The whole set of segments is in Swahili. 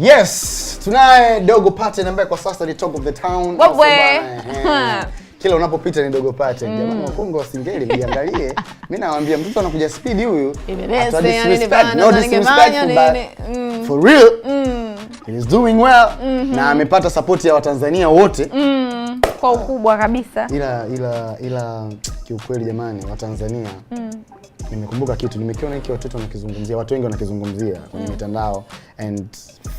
Yes, tunaye Dogo Paten ambaye kwa sasa ni top of the town. Eh, kila unapopita ni Dogo Paten. Mm. Jamani wakunga wasingeli mjiangalie. Mimi nawaambia mtoto anakuja speed huyu. No disrespect but mm. for real. Mm. He is doing well mm -hmm. Na amepata support ya Watanzania wote. Mm. Kwa ukubwa kabisa. Ila ila ila kiukweli jamani Watanzania. Mm. Nimekumbuka kitu nimekiona hiki watoto wanakizungumzia, watu wengi wanakizungumzia kwenye mm. mitandao and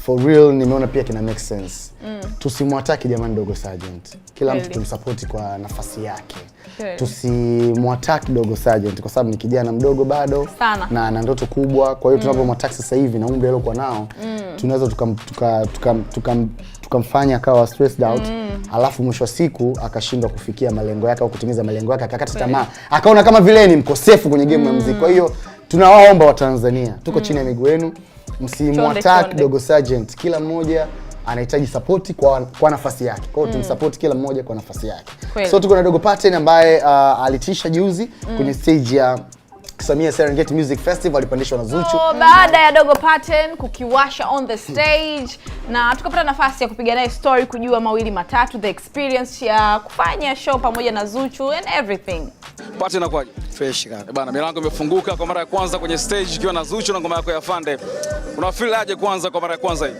for real nimeona pia kina make sense mm. Tusimwataki jamani Dogo Sergeant, kila really, mtu tumsapoti kwa nafasi yake really. Tusimwataki Dogo Sergeant kwa sababu ni kijana mdogo bado sana, na ana ndoto kubwa. Kwa hiyo mm. tunapomwataki sasa hivi na umri aliokuwa nao mm. tunaweza tukamfanya tukam, tukam, tuka akawa stressed out mm. alafu mwisho wa siku akashindwa kufikia malengo yake au kutimiza malengo yake akakata tamaa akaona kama vile ni mkosefu kwenye game mm. ya muziki. Kwa hiyo tunawaomba Watanzania, tuko mm. chini ya miguu yenu msimu msimwattack Dogo Sergeant. Kila mmoja anahitaji sapoti kwa, kwa nafasi yake. Kwa hiyo mm. tumsapoti kila mmoja kwa nafasi yake. Kweli. So tuko na Dogo Paten ambaye uh, alitisha juzi mm. kwenye stage ya Samia Serengeti Music Festival alipandishwa na Zuchu. So, oh, baada ya Dogo Paten kukiwasha on the stage na tukapata nafasi ya kupiga naye story kujua mawili matatu the experience ya kufanya show pamoja na Zuchu and everything. Paten akwaje? Fresh kaka. Bana milango imefunguka kwa mara ya kwanza kwenye stage ikiwa na Zuchu na ngoma yako ya Fande. Unafeel aje kwanza kwa mara ya kwanza hii?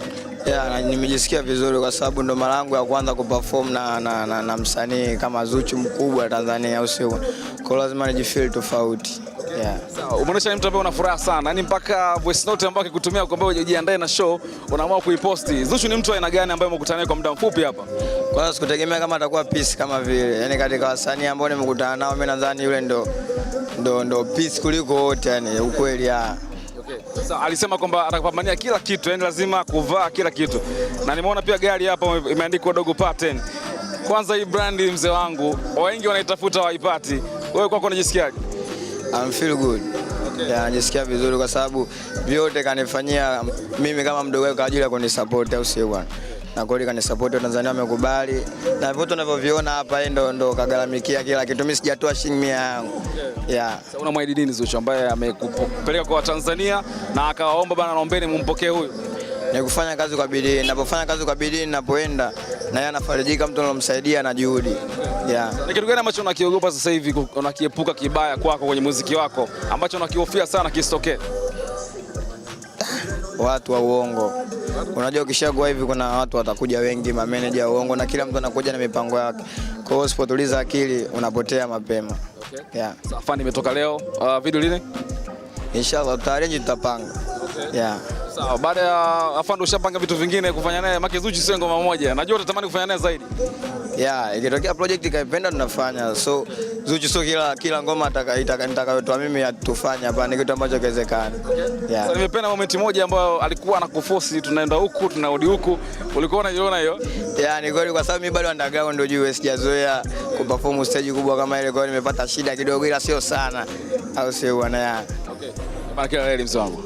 Yeah, nimejisikia vizuri kwa sababu ndo mara yangu ya kwanza kuperform na, na, na, na msanii kama Zuchu mkubwa Tanzania, au sio? Kwa hiyo lazima nijifeel tofauti. Yeah. Sawa, umeonyesha ni mtu ambaye una furaha sana. Yaani mpaka voice note ambayo akikutumia kwamba ujiandae na show, unaamua kuiposti. Zuchu ni mtu aina gani ambaye umekutana naye kwa muda mfupi hapa? Kwa hiyo sikutegemea kama atakuwa peace kama vile. Yaani katika wasanii ambao nimekutana nao mimi nadhani yule ndo ndo ndo peace kuliko wote yani ukweli ah. Sasa alisema kwamba atakupambania kila kitu, yani lazima kuvaa kila kitu, na nimeona pia gari hapa imeandikwa Dogo Pattern. Kwanza hii brandi mzee wangu, wengi wanaitafuta waipati, wewe kwako unajisikiaje? I'm feel good. Okay. Najisikia vizuri kwa sababu vyote kanifanyia mimi kama mdogo wake kwa ajili ya kunisupport, au sio bwana? na kweli kanisapoti, Watanzania wamekubali na vitu unavyoviona hapa, yeye ndo ndo kagaramikia kila kitu. Mimi sijatoa shilingi mia yangu. Yeah. Sasa unamwahidi nini Zuchu ambaye amekupeleka kwa Watanzania na akawaomba bana, naombeni mumpokee huyu? Ni kufanya kazi kwa bidii, napofanya kazi kwa bidii, ninapoenda na yeye anafarijika, mtu anamsaidia na juhudi. Yeah. Ni kitu gani ambacho unakiogopa sasa hivi unakiepuka kibaya kwako kwenye muziki wako ambacho unakihofia sana kisitokee? watu wa uongo. Unajua ukishagua hivi, kuna watu watakuja wengi, mameneja wa uongo, na kila mtu anakuja na mipango yake. Kwa hiyo usipotuliza akili unapotea mapema. Okay. Yeah. Safani imetoka leo, uh, video lini? Inshallah tutarenji tutapanga. Okay. Yeah sawa. Baada ya afande ushapanga vitu vingine kufanya naye, make Zuchu sio ngoma moja, najua utatamani kufanya naye zaidi. Yeah, ikitokea project ikaipenda tunafanya. So Zuchu sio kila kila ngoma nitakayotoa mimi atufanya, hapa ni kitu ambacho kiwezekana. Yeah. So, nimependa moment moja ambayo alikuwa anakuforce tunaenda huku tunarudi huku, ulikuwa unaiona hiyo? Yeah, ni kweli, kwa sababu mimi bado underground ndio juu, sijazoea kuperform stage kubwa kama ile, kwa hiyo nimepata shida kidogo, ila sio sana, au sio bwana? Yeah. Okay. Baraka, heri mzee wangu.